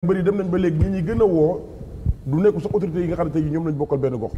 bëri dem nañ ba léegi ñi ñuy gën woo du nekk sax yi nga xam ne tey ñoom lañ bokkal benn gox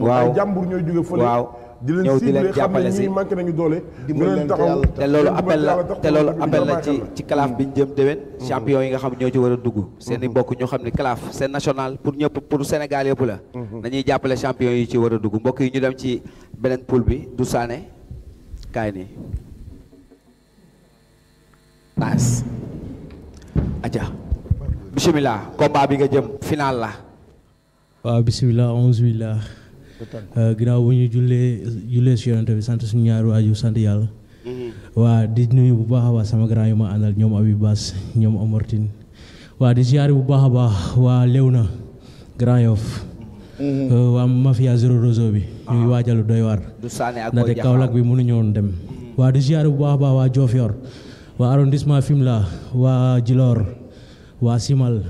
waaw ay jàmbur ñooy jóge fële waaw di leen ciblé xam ne ñii manqué nañu doole di leen taxaw te loolu appel la te loolu appel la ci ci CLAF bi ñu jëm déwén mm-hmm. champion yi nga xam ñoo ci war a dugg mm-hmm. seeni mbokk ñoo xam ne CLAF seen national pour ñëpp pour Sénégal yëpp la mm-hmm. nañuy jàppale champion yi ci war a dugg mbokk yi ñu dem ci beneen poule bi du saane kaay nii paas aja bisimilah combat bi nga jëm final la. waaw bisimilah alhamdulilah. Euh, bu ñu jullee jullee si yonent bi sant suñu ñaari sant yàlla. Mhm. waa di nuyu bu baax a sama grand yu ma àndal ñoom Abi Bass ñoom Omar waa di ziare bu baax a baax waa Léona Grand Yoff. Mhm. Euh, waa mafia zéro réseau bi. Ah. ñu waajalu doy waar. du Sane ak ndaxte Kaolack bi mënuñu woon dem. Mhm. waa di ziare bu baax a baax waa Diofior waa arrondissement waa Djilor. waa Simal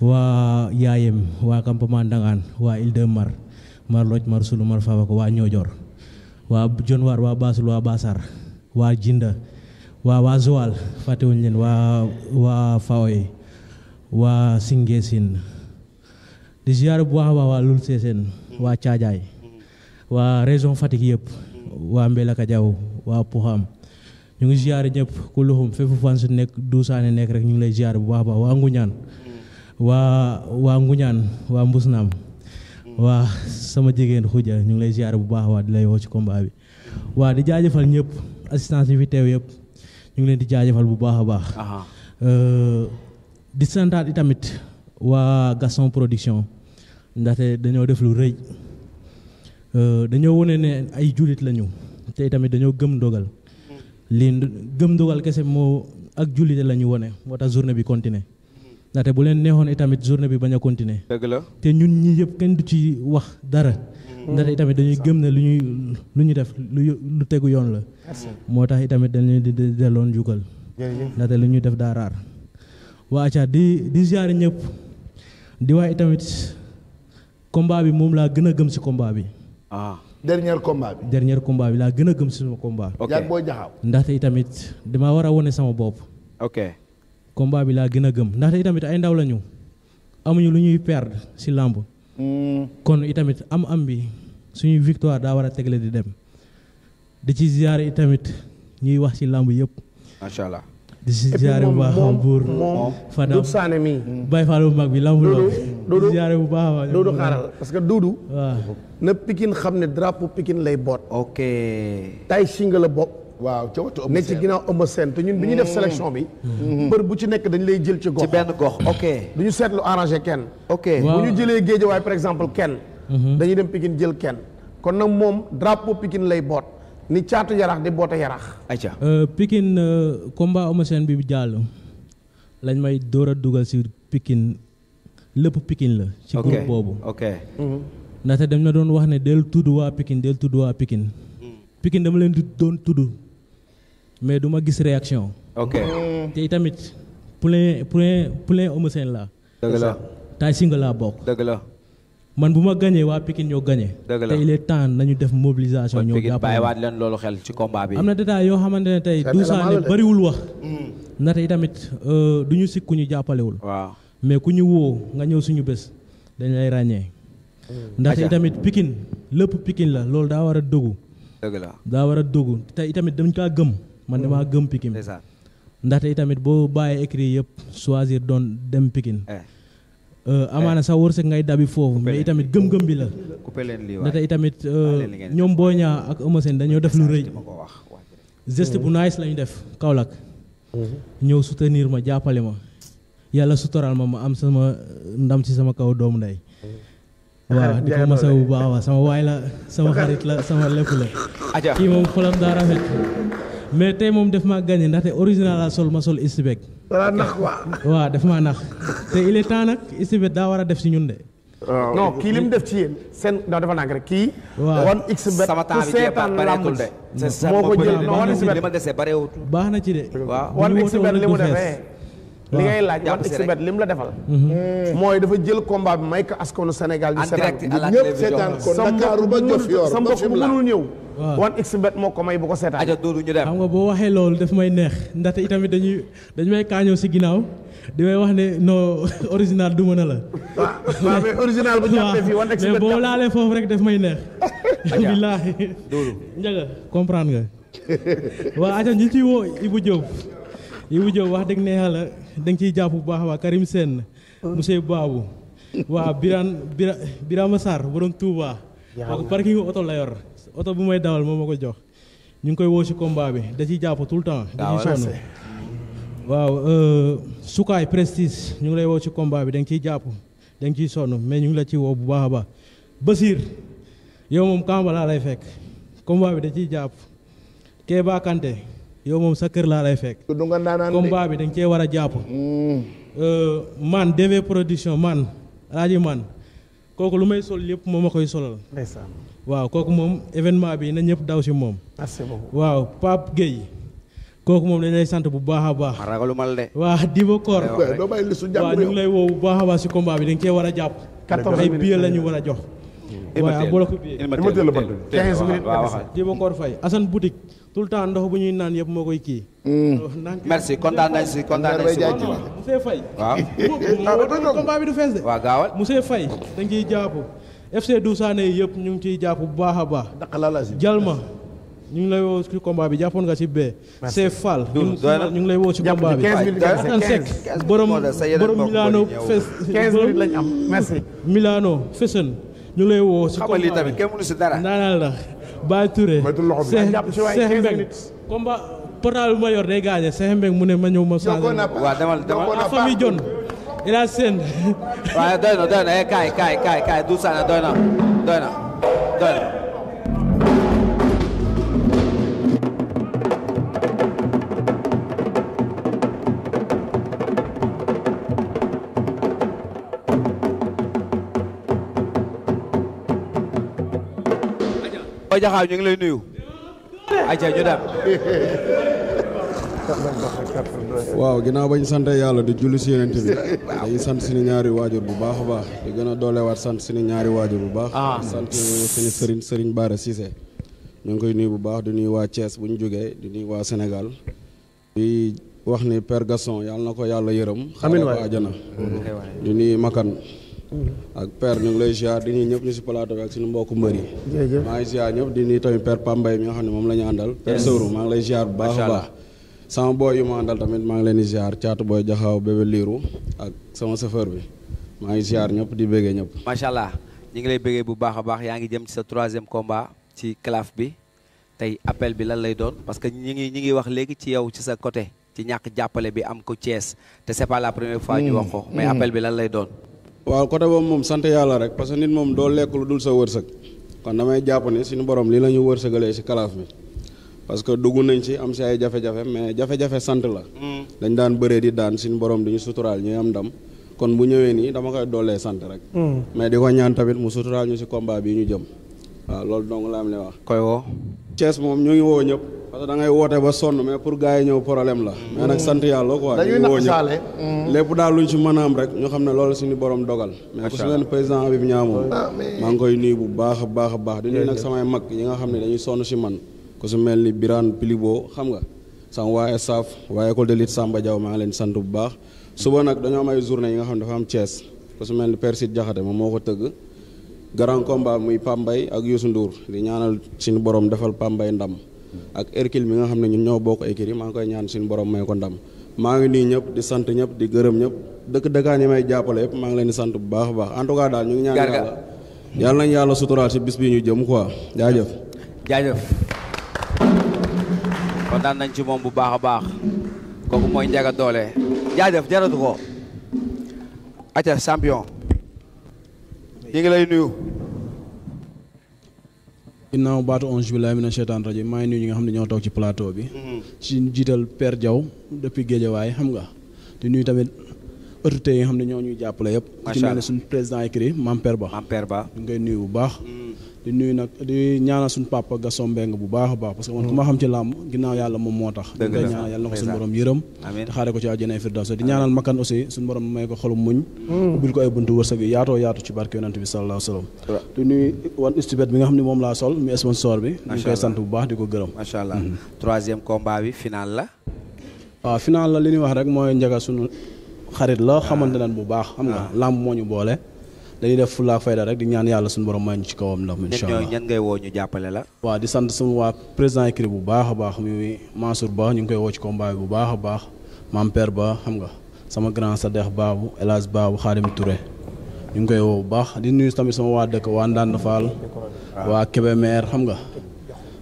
waa Yaayem waa campement Ndangaan waa Île de Mar Mar Lodj Mar Sulu Mar waa Ñoojoor waa Jonwaar waa Baasul waa Baasar waa Jinda waa waa Joal fàttewuñ leen waa waa Faoy waa Singesin di ziar bu baax a baax waa Lul Seseen waa Caajaay waa région Fatick yëpp waa Mbelaka Jaw waa Pouham ñu ngi ziare ñëpp ku luxum fépp fan si nekk duusaane nekk rek ñu ngi lay ziare bu baax a baax waa Nguñaan mm. waa waa Nguñaan waa Mbusnaam mm. waa sama jigéen xuja ñu ngi lay ziare bu baax waa di lay woo ci combat bi waa di jaajëfal ñëpp assistance yi fi teew yëpp ñu ngi leen di jaajëfal bu baax a baax euh, di santaat i tamit waa Gaston production ndaxte dañoo def lu rëy euh, dañoo wone ne ay jullit lañu te tamit dañoo gëm dogal lii gëm ndogal kese moo ak jullite la ñu wone moo tax journée bi continuer ndaxte bu leen neexoon itamit journée bi bañ a continuer dëgg la te ñun ñi yëpp kenn du ci wax dara mm. ndaxte itamit dañuy gëm ne lu ñuy lu ñu def lu tegu yoon la moo tax itamit dañuy di delloon njukkal ndaxte def daa raar waa acca di di ziare ñëpp di waaye itamit combat bi moom laa gën a gëm si combat bi ah dernier combat bi. dernier combat bi laa gën a gëm suma combat. ok yaa booy jaxaaw. ndaxte itamit damaa war a wane sama bopp. ok combat bi laa gën a gëm ndaxte itamit ay ndaw la ñu amuñu lu ñuy perdre si làmb. Hmm. kon itamit am-am bi suñuy victoire daa war a tegle di dem di ci ziare itamit ñuy wax si làmb yëpp. macha allah di si jaare bu baax a buur Fadam Doudou Sané mii. Baye Fallou mag bi lambu loolu. Doudou di jaare bu baax a baax. xaaral parce que Doudou. waaw na Pikine xam ne drapeau Pikine lay boot. ok. tay singa la bopp. waaw ca wetu ne ci ginnaaw ëmb seen te ñun bi ñuy def mm. sélection bi. Mm-hmm. mbër bu ci nekk dañ lay jël ci gox. ci benn gox ok. du ñu seetlu arrangé kenn. ok bu ñu jëlee géejawaay par exemple kenn. Mm-hmm. dañuy dem Pikine jël kenn. kon nag moom drapeau Pikine lay boot. ni caatu yarax di boote yarax. ayca euh, Pikine euh, combat Eumeu bi jàll lañ may door a dugal si Pikine lépp Pikine la. ci groupe boobu. ok mhm. ndaxte dañ na doon wax ne del tudd waa Pikine del tudd waa Pikine. Mm. Pikine dama leen di doon tudd mais du ma gis réaction. Mm. te tamit poulain poulain poulain Eumeu la. dëgg la singa laa bokk man bu ma gañee waa Pikine ñoo gañee te il est temps nañu def mobilisation ñoo jàpp bàyyiwaat leen loolu xel ci combat bi am na détail yoo xamante ne tey Doudou Sané bariwul wax hmm. na tey tamit euh, du ñu sikk ku ñu jàppalewul waaw mais ku ñu woo nga ñëw suñu bés dañ lay ràññee hmm. ndax tey tamit Pikine lépp pikin la loolu daa war a dogu dëgg daa war a dogu te tamit dañ kaa gëm man maa hmm. gëm Pikine ndaxte tamit boo bàyyee écrit yëpp soisir doon dem pikin eh. Euh, eh. amaana sax wërsëg ngay dabi foofu mais itamit gëm-gëm bi la ndata itamit euh, ñoom Boy Niang ak Eumeu Sène dañoo def lu rëy geste bu nice lañu def Kaolack mhm. ñëw soutenir ma jàppale ma yàlla sutoral ma ma am sama euh, ndam si sama kaw doomu ndey mhm. waaw di ko masaw bu baax waaw sama waay la sama xarit la sama lépp la kii moom xolam daa rafet mais tey moom def maa gagné ndaxte original sol ma sol istibek dala nax waa. waaw daf maa nax te il est temps nag Sibeth daa war a def si ñun de. non kii li mu def ci yéen seen non dafa nang rek kii. waaw wan Xbet ku seetaan lamb ji moo ko jël non wan Xbet baax na ci de. waaw wan Xbet li mu defee. li ngay laaj wan Xbet li mu la defal. Mhm. mooy dafa jël combat bi may ko askanu senegal ñu seetaan. ñëpp seetaan ko Ndakaaru ba Diofior ba Fimela sa mbokk bu ñëw. one x bet moo ko may bu ko seetaan. aja Doudou ñu dem xam nga boo waxee loolu daf may neex ndaxte itamit dañuy dañ may kaañoo si ginnaaw di may wax ne noo original du mën a la. waaw mais original bu ñu jàppee fii boo laalee foofu rek daf may neex. aja billaahi Doudou njaga comprendre nga. waa aja ñi ciy woo Ibou Diop. Ibou Diop wax dëgg ne yàlla da ciy jàpp bu baax waa Karim Sène. monsieur Babou. waa Birane Birama Sarr borom Touba. parking oto la yor. oto bu may dawal moom ma ko jox ñu ngi koy woo si combat bi da ciy jàpp tout le temps. da ciy sonn waaw euh, sukaay prestige ñu ngi lay woo si combat bi da nga ciy jàpp da ciy sonn mais ñu ngi la ciy wow bu baax a baax Basir yow moom kamba laa lay fekk combat bi da ciy jàpp Kéba Kanté yow moom sa kër laa lay fekk. du nga naanaan bi da nga cee war a jàpp. Mm. Euh, man DV production man Alaaji man kooku lu may sol lépp moom ma koy solal. waaw kooku moom événement bi na ñëpp daw si moom. merci beaucoup waaw Pape Gueye. kooku moom dañ lay sant bu baax a baax. ragaluma la de. waaw Diba Kor. waaw ñu ngi lay woo bu baax a baax si combat bi dañ cee war a jàpp. 14 ay billet la ñu war a jox. waaw bolo ko billet. Diba Kor Faye Assane Boutique. tout le temps ndox ñuy naan yëpp moo koy kii. merci kontaan nañ si kontaan nañ si. monsieur Faye. waaw. combat bi du monsieur Faye da ngi FC Doussane yi yëpp ñu ngi ciy jàpp bu baax a baax. dàqalaala Jalma ñu ngi lay woo ci combat bi jàppoon nga ci bee. merci c'est Fall ñu ngi lay woo ci combat bi. Assane Seck borom borom Milano fes. am merci. Milano ñu lay woo. ci combat bi tamit kenn la Baye Touré. moytu loxo bi Seex combat portable yor day gaañe Seex Mbeng mu ne ma ñëw ma. saa waaw demal demal famille John. ina sen waaye doy na doy na e kaay kaay kaay kaay du saana doy na doy na doy na Ba Jaxaaw ñu ngi lay nuyu aja ñu dem waaw ginnaaw bañ sant yàlla di julli si yeneen bi dañuy sant suñu ñaari waajur bu baax baax di gën a doole waat sant suñu ñaari waajur bu baax. Ah. sant suñu sëriñ Serigne Bara Cissé. ñu ngi koy nuyu bu baax di nuy waa cees bu ñu jógee di nuyu waa Sénégal. di wax ni Père Gaston na ko yàlla yërëm. amiin waay xaaral ko àjjana. Mm-hmm. di nuyu Makan. Mm-hmm. ak père ñu ngi lay ziar di nuyu ñëpp ñu si plateau bi ak suñu mbokku mbër yi. jërëjëf maa ngi ziar ñëpp di nuyu tamit père Pambay mi nga xam ne moom la àndal. père Sowru maa ngi lay ziar bu baax baax. sama booy yu ma àndal tamit maa ngi leen di ziar caatu booy jaxaaw bébé liiru ak sama chauffeur bi maa ngi ziar ñëpp di béggee ñëpp. macha allah ñu ngi lay béggee bu baax a baax yaa ngi jëm ci sa troisième combat ci calaf bi tey appel bi lan lay doon parce que ñi ngi ñi ngi wax léegi ci yow ci sa côté ci ñàkk jàppale bi am ko Thiès te c'est pas la première fois. ñu hmm, wax ko mais hmm. appel bi lan lay doon. waaw côté boobu moom sant yàlla rek parce que nit moom doo lekk lu dul sa wërsëg kon damay jàpp ne suñu borom lii la ñu wërsëgalee si calaf bi. parce que dugg nañ ci am si ay jafe-jafe mais jafe-jafe sant la. Mm. dañ daan bëree di daan suñu borom di ñu suturaal ñuy am ndam. kon bu ñëwee nii dama koy doolee sant rek. Mm. mais di ko ñaan tamit mu suturaal ñu si combat bii ñu jëm. waaw loolu dong la am li wax. koy woo. Thiès moom ñu ngi woo ñëpp. parce da ngay woote ba sonn mais pour gars yi ñëw problème la. mais nag mm. sant yàlla quoi. dañuy naq saale lépp daal luñ si mën a am rek ñu xam ne loolu suñu borom dogal. mais ku si leen président Habib Niang moom. maa ngi koy nuyu bu baax a baax baax. di nuyu nag samay mag yi nga xam ne dañuy sonn si man ko su mel ni Birane Pilibo xam nga sama waaye SAF waaye école de lutte Samba Diaw maa ngi leen sant bu baax suba nag dañoo am ay journée yi nga xam ne dafa am Thiès ku su mel ni Persid Jaxate moom moo ko tëgg grand combat muy Pambay ak Youssou nduur di ñaanal suñu borom defal Pambay ndam ak Hercule mi nga xam ne ñun ñoo bokk écurie ma ngi koy ñaan suñu borom may ko ndam maa ngi nii ñëpp di sant ñëpp di gërëm ñëpp dëkk dëkkaan yi may jàppale yëpp maa ngi leen di sant bu baax a baax en tout cas daal ñu ngi ñaan yàlla yàlla yàlla suturaal si bis bi ñu jëm quoi jaajëf kontaan nañ ci moom bu baax a baax kooku mooy njaga doole jaajëf jaratu ko aca champion ñu ngi lay nuyu ginnaaw baatu onze billahi mina cheytaan rajim maa ngi nuyu ñi nga xam ne ñoo toog ci plateau bi mm-hmm. ci jiital Père Diaw depuis Guédiawaay xam nga di nuyu tamit autorités yi nga xam ne ñoo ñuy jàppale yëpp. macha allah ci mel ne suñu président écrit Mamper Ba. Mamper Ba ñu ngay nuyu bu baax. Mm. di nuyu nag di ñaanal suñu papa Gaston Mbengue bu baax a baax parce que man xam ci làmb ginnaaw yàlla moom moo tax ñu koy ñaanal yàlla na ko suñu borom yërëm te xaare ko ci àjjana firdaws di ñaanal makkan aussi suñu borom may ko xolum muñ mm. ubbil ko ay buntu wërsëg yaatoo yaatu ci barke yonent bi sallallahu alayhi wa sallam di bi nga xam ne moom laa sol mi sponsor bi ñu koy sant bu xarit la xamante nañ bu baax xam nga ah. làmb moo ñu boole dañuy def fulla ak fayda rek di ñaan yàlla suñu borom may ñu ci kawam ndam incha allah ñan ngay woo ñu jàppale la waaw di sant sama waa président écrit bu baax a baax muy Mansour Ba ñu ngi koy woo ci combat bu baax a baax maam père xam nga sama grand Sadex Babou El Hadj Babou Xaadim Touré ñu ngi koy woo bu baax di nuyu tamit sama waa dëkk waa Ndande Fall waa Kébémer xam nga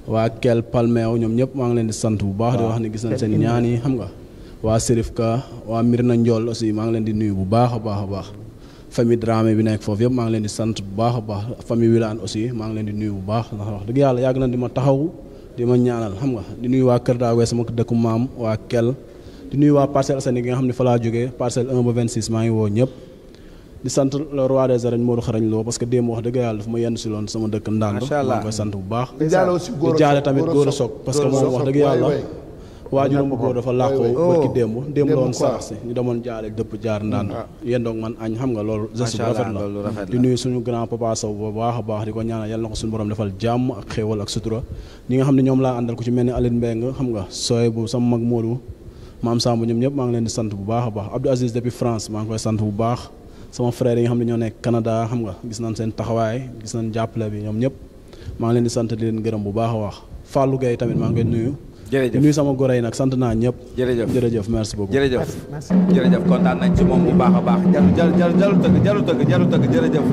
waa Kell Palmeew ñoom ñëpp maa ngi leen di sant bu baax di wax ne gis nañ seen ñaan yi xam nga waa Serif Ka waa Mirna Ndiol aussi maa ngi leen di nuyu bu baax a baax a baax famille Dramé bi nekk foofu yëpp maa ngi leen di nuyu bu baax ndax wax dëgg yàlla yàgg na di ma taxawu di ma ñaanal xam nga di nuyu waa Kër Daawee sama dëkku maam waa Kell di nuyu waa Parcelles Assainies gi xam ne fa laa jógee parcelle 1 ba 26 maa ngi woo ñëpp di sant le roi des arènes Modou Xarañ Lo parce que démb wax dëgg yàlla dafa ma yenn si loon sama dëkk ndànd maa ngi koy sant bu baax di jaale tamit góor a waa waajur mu góor dafa làqoo barki oh. démb démb la woon sax si ñu demoon jaale dëpp jaar ndaan ah. yendoog man añ xam nga loolu geste bu rafet la di nuyu suñu grand papa Sow bu baax a baax di ko ñaanal yàlla na ko suñu borom defal jàmm ak xéewal ak sutura ñi nga xam ne ñoom laa àndal ku ci mel ni Aline Mbeng xam nga sooy bu sama mag Modou am Samb ñoom ñëpp maa ngi leen di sant bu baax a baax Abdou Aziz depuis France maa ngi koy sant bu baax sama frère yi nga ne ñoo nekk Canada xam nga gis nañ seen taxawaay gis jàppale bi ñoom ñëpp maa ngi leen di sant di leen gërëm bu baax a baax Fallou Gueye tamit maa ngi nuyu jërëjëf di sama goro yi nag sant naa ñëpp. jërëjëf jërëjëf merci beaucoup. jërëjëf merci jërëjëf kontaan nañ ci moom bu baax a baax jaru jaru jaru jaru tëgg jaru tëgg jaru tëgg jërëjëf.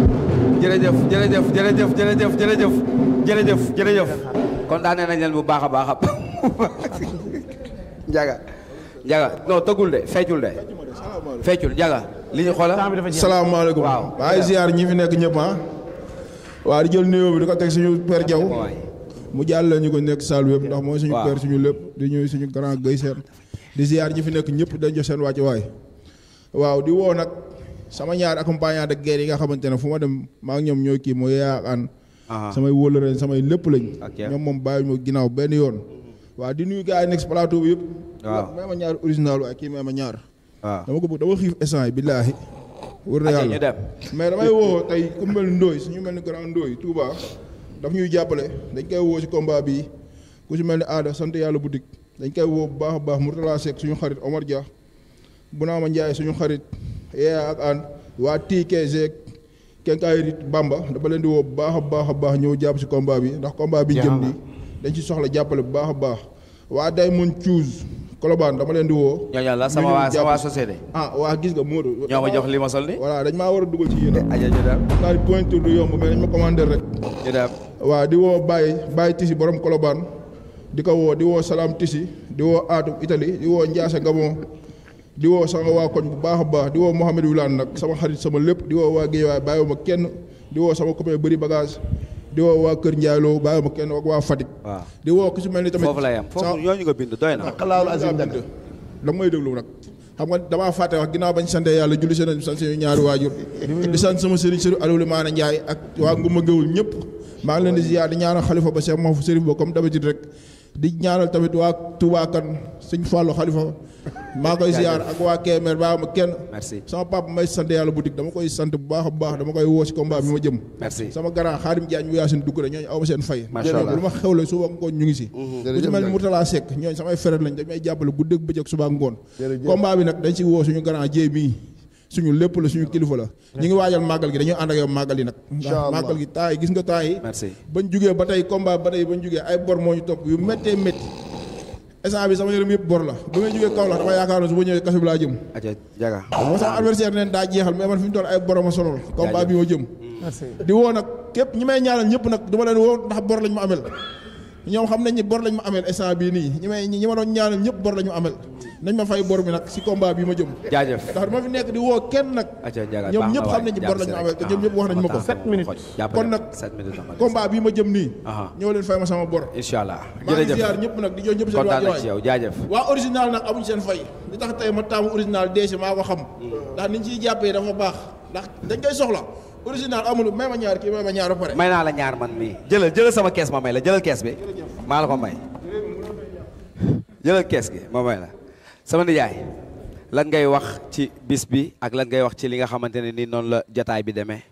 jërëjëf jërëjëf jërëjëf jërëjëf jërëjëf jërëjëf jërëjëf kontaanee nañ bu baax a baax a njaga njaga non tëggul de feccul de feccul njaga li ñu xoola salaamaaleykum waaw maa ngi ziar ñi fi nekk ñëpp ah waaw di jël nuyoo di ko teg suñu père jaw mu jàllale ñu ko nekk saal wépp ndax mooy suñu père suñu lépp di ñuy suñu grand gay seen di ziar ñi fi nekk ñëpp dañ jox seen wàcc waay waaw di woo nag sama ñaar accompagnant de guerre yi nga xamante ne fu ma dem maa ñoom ñooy kii mooy yaa an samay samay lépp lañ ñoom moom bàyyi ma ginnaaw benn yoon waaw di nuyu gars yi nekk plateau bi yëpp waaw may ma ñaar original waaye kii may ma ñaar dama ko bëgg dama xiif essence yi billaahi wër na yàlla mais damay woo tey ku mel ndooy suñu mel ni grand ndooy Touba daf ñuy jàppale dañ koy woo ci combat bi ku ci mel ni aada sant yàlla bu dig dañ koy woo bu baax a baax Mourtala Seck suñu xarit Omar Dia Bunaama Ndiaye suñu xarit Yaya ak Anne waa TKG kenkaayit Bamba dafa leen di woo bu baax a baax a baax ñëw jàpp ci combat bi ndax combat bi jëm nii dañ ci soxla jàppale bu baax baax waa Diamond Choose Colobane dama leen di woo. ñooñu la sama waa sama waa société. ah waa gis nga Modou. ñoo ma jox li ma sol nii. voilà dañ maa war a dugal ci yéen a. aja jëdaam. naa di dañ ma commandé rek. jëdaam. waa di woo Baye Baye Tisi borom Colobane di ko woo di woo Salam Tisi di woo Aatu Italie di woo Ndiasse Gabon di woo sama waa koñ bu baax a baax di woo Mouhamed Wilane nag sama xarit sama lépp di woo waa Guèye waaye ma kenn di woo sama copain bëri bagage. di woo waa Kër Ndiallo bàyyi ma kenn waa Fatick. waaw di woo ku si mel ni tamit. foofu la yam foofu yoo ñu ko bind doy na. xalaalu Azim Dada da may xam nga damaa fàtte wax ginnaaw bañ santee yàlla julli seen sant suñu ñaari waajur di sant sama sëriñ sëriñ Aliou Maana Ndiaye ak waa Nguma Géwul ñëpp maa ngi leen di ziar di ñaanal xalifa ba Cheikh Mahfouz Sérif ba comme d'habitude rek di ñaanal tamit waa Touba Kane sëñ Fallou xalifa maa koy ziar ak waa Kemer baa ma kenn. merci sama papa may sant yàlla boutique dama koy sant bu baax a baax dama koy woo si combat bi ma jëm. merci sama grand Xaadim Jaañ bu ngi si. Mhm. jërëjëf bu dañ may jàppale guddeeg bëccëg suba ngoon. jërëjëf combat bi suñu lépp la suñu kilifa la ñu ngi waajal màggal gi dañoo ànd ak yow màggal yi nag ndax màggal gi taay gis nga taay yi bañ jugee ba tey combat ba tey bañ jugee ay bor moo ñu topp yu méttee métti instant bi sama yërëm yëpp bor la ba may jógee Kaolack dama yaakaaroon su ma ñëwee kafe bi laa jëm moo sama adversaire neen daa jeexal mais man fi mu toll ay boroma sonol combat bi ma jëm di woo nag képp ñi may ñaanal ñëpp nag du ma leen woo ndax bor lañ ma amel ñoom xam nañ ni bor lañ ma amel instant bii nii ñi may ñi ma doon ñaanal ñëpp bor lañ ma amel nañ ma fay bor bi nag si combat bi ma jëm jaajëf ndax dama fi nekk di woo kenn nag ñoom ñëpp xam nañ ni ma ko kon nag combat bii ma jëm nii ñëw leen fay ma sama bor maa ngi ziar ñëpp nag di jox ñëpp seen waa original nag amuñ seen fay li tax tey ma taamu original dèj maa ko xam ndax niñ ciy jàppee dafa baax ndax dañ koy soxla original amul may ma ñaar kii ñaar pare. may naa la ñaar man mii jëlal jëlal sama kees ma may la jëlal kees bi kees gi ma may la sama nijaay lan ngay wax ci bis bi ak lan ngay wax ci li nga xamante ne ni noonu la jotaay bi demee.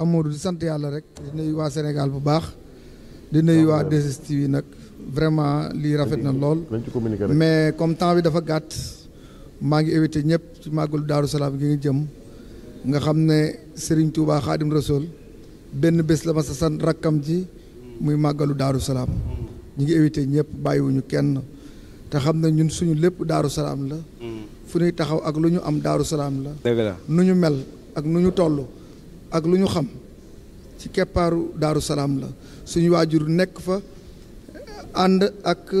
Amadou di sant yàlla rek di nuyu waa Sénégal bu baax di nuyu waa 2STV nag vraiment lii rafet na lool mais comme temps bi dafa gàtt maa ngi éviter ñëpp ci màggul Daaru Salaam gi ngi jëm. nga xam ne Serigne Touba Xaadim Rasool benn bés la ma sa sant rakkam ji muy màggalu Daaru Salaam ñu ngi évité ñëpp bàyyiwuñu kenn te xam ne ñun suñu lépp Daaru Salaam la. fu ñuy taxaw ak lu ñu am Daaru Salaam la. nu ñu mel ak nu ñu toll ak lu ñu xam ci keppaaru Daaru Salaam la suñu waajur nekk fa ànd ak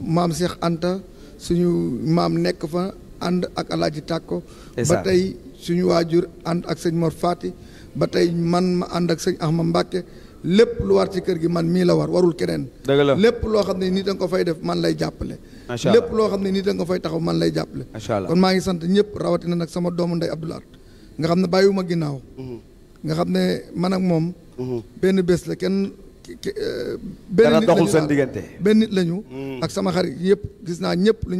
maam seex Anta suñu maam nekk fa. ànd ak alaaji tàkko ba tey suñu waajur ànd ak sëñ Mor Faati ba tey man ma ànd ak sëñ ma Mbàkke lépp lu war ci kër gi man mii la war warul keneen lépp loo xam ne nii da ko fay def man lay jàppale lépp loo xam ne nii da nga ko fay taxaw man lay jàppale kon maa ngi sant ñëpp rawatina nag sama doomu ndey Abdoulaat nga xam ne ma ginnaaw mm-hmm. nga xam ne man ak moom mm-hmm. benn bés la kenn eh, benn nit lañu benn nit lañu mm. ak sama xarit yëpp gis naa ñëpp